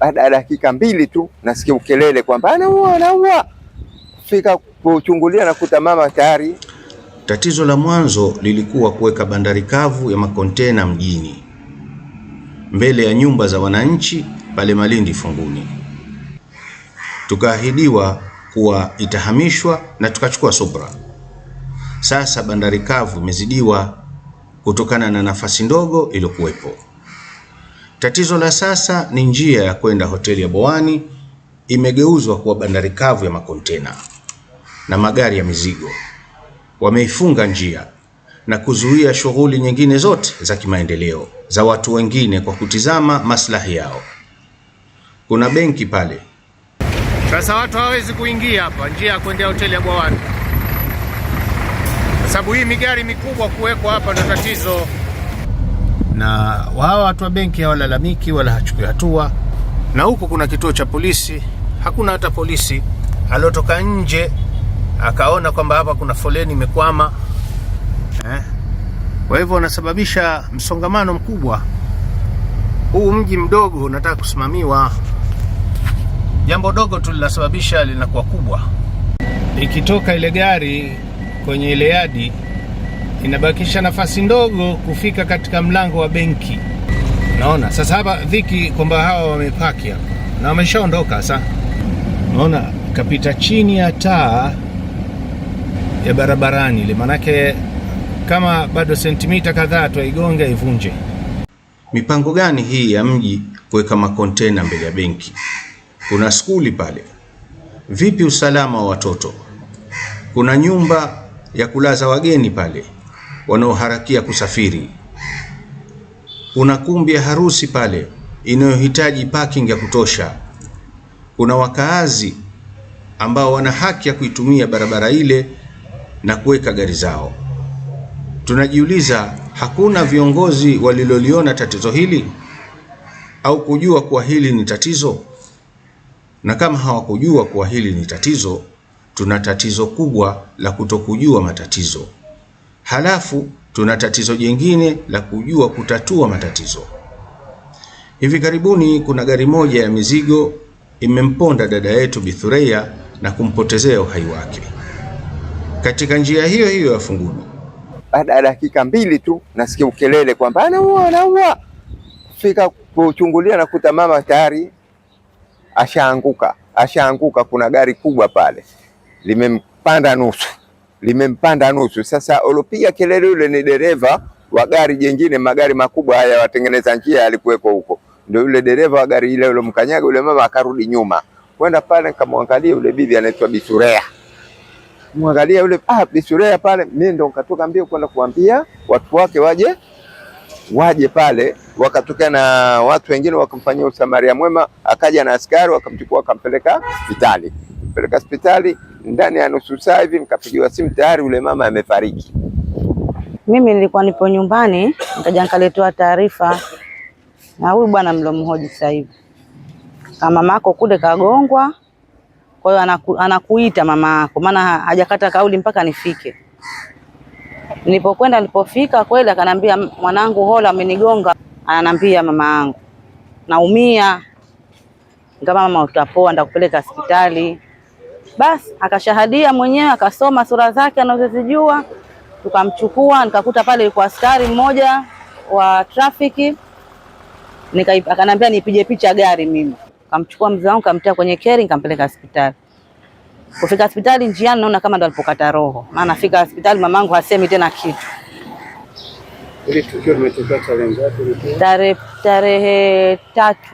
Baada ya dakika mbili tu nasikia ukelele kwamba anaua anaua. Fika kuchungulia nakuta mama tayari. Tatizo la mwanzo lilikuwa kuweka bandari kavu ya makontena mjini mbele ya nyumba za wananchi pale Malindi Funguni. Tukaahidiwa kuwa itahamishwa na tukachukua subra. Sasa bandari kavu imezidiwa kutokana na nafasi ndogo iliyokuwepo. Tatizo la sasa ni njia ya kwenda hoteli ya Bowani imegeuzwa kuwa bandari kavu ya makontena na magari ya mizigo. Wameifunga njia na kuzuia shughuli nyingine zote za kimaendeleo za watu wengine kwa kutizama maslahi yao. Kuna benki pale. Sasa watu hawawezi kuingia hapa njia ya kuendea hoteli ya Bwawani, sababu hii migari mikubwa kuwekwa hapa na tatizo na hawa watu wa benki hawalalamiki wala hachukui hatua, na huku kuna kituo cha polisi, hakuna hata polisi aliotoka nje akaona kwamba hapa kuna foleni imekwama eh. Kwa hivyo wanasababisha msongamano mkubwa. Huu mji mdogo unataka kusimamiwa, jambo dogo tu linasababisha linakuwa kubwa. Ikitoka ile gari kwenye ile yadi inabakisha nafasi ndogo kufika katika mlango wa benki. Naona sasa hapa dhiki kwamba hawa wamepaki hapa na wameshaondoka. Sasa naona kapita chini ya taa ya barabarani ile, manake kama bado sentimita kadhaa twaigonge ivunje. Mipango gani hii ya mji kuweka makontena mbele ya benki? Kuna skuli pale, vipi usalama wa watoto? Kuna nyumba ya kulaza wageni pale wanaoharakia kusafiri. Kuna kumbi ya harusi pale inayohitaji parking ya kutosha. Kuna wakaazi ambao wana haki ya kuitumia barabara ile na kuweka gari zao. Tunajiuliza, hakuna viongozi waliloliona tatizo hili au kujua kuwa hili ni tatizo? Na kama hawakujua kuwa hili ni tatizo, tuna tatizo kubwa la kutokujua matatizo. Halafu tuna tatizo jingine la kujua kutatua matatizo. Hivi karibuni kuna gari moja ya mizigo imemponda dada yetu Bithureya na kumpotezea uhai wake katika njia hiyo hiyo ya Funguni. Baada ya dakika mbili tu nasikia ukelele kwamba anaua anaua. Fika kuchungulia nakuta mama tayari ashaanguka, ashaanguka. Kuna gari kubwa pale limempanda nusu limempanda nusu. Sasa ulopiga kelele yule ni dereva wa gari jingine, magari makubwa haya, watengeneza njia alikuweko huko, ndio yule dereva wa gari ile yule mkanyaga yule mama akarudi nyuma kwenda pale, nikamwangalia yule bibi anaitwa Bisurea, mwangalia yule ah, Bisurea pale, mimi ndo nikatoka mbio kwenda kuambia watu wake waje waje pale, wakatoka na watu wengine wakamfanyia usamaria mwema, akaja na askari wakamchukua wakampeleka vitali kupeleka hospitali, ndani ya nusu saa hivi mkapigiwa simu, tayari yule mama amefariki. Mimi nilikuwa nipo nyumbani, nikaja nikaletewa taarifa na huyu bwana mlomhoji sasa hivi, kama mamako kule kagongwa. Kwa hiyo anaku, anakuita mama yako, maana hajakata kauli mpaka nifike. Nilipokwenda nilipofika, kweli akanambia, mwanangu hola amenigonga, ananambia mama yangu naumia. ngama mama, utapoa, ndakupeleka hospitali. Basi akashahadia mwenyewe akasoma sura zake anazozijua, tukamchukua nikakuta pale kwa askari mmoja wa trafiki, akaniambia nipige picha gari mimi. Kamchukua mzee wangu kamtia kwenye keri nikampeleka hospitali. Kufika hospitali njiani, naona kama ndo alipokata roho, maana fika hospitali mamangu hasemi tena kitu. Tarehe tarehe tatu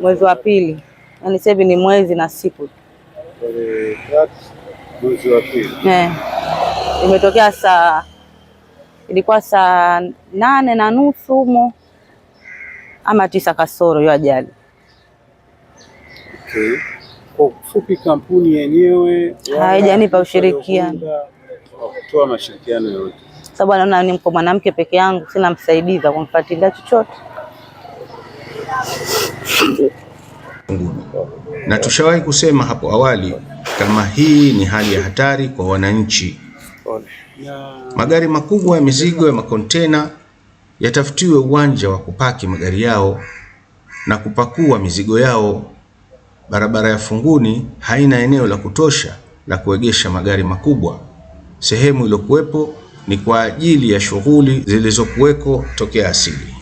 mwezi wa pili, yani sasa hivi ni mwezi na siku Eh, imetokea saa ilikuwa saa nane na nusu humo ama tisa kasoro hiyo ajali. Okay. Kwa kampuni yenyewe haijanipa ushirikiano, kutoa mashirikiano yote, sababu anaona ni mko mwanamke peke yangu, sina msaidiza kumfuatilia chochote na tushawahi kusema hapo awali kama hii ni hali ya hatari kwa wananchi. Magari makubwa ya mizigo ya makontena yatafutiwe uwanja wa kupaki magari yao na kupakua mizigo yao. Barabara ya Funguni haina eneo la kutosha la kuegesha magari makubwa. Sehemu iliyokuwepo ni kwa ajili ya shughuli zilizokuweko tokea asili.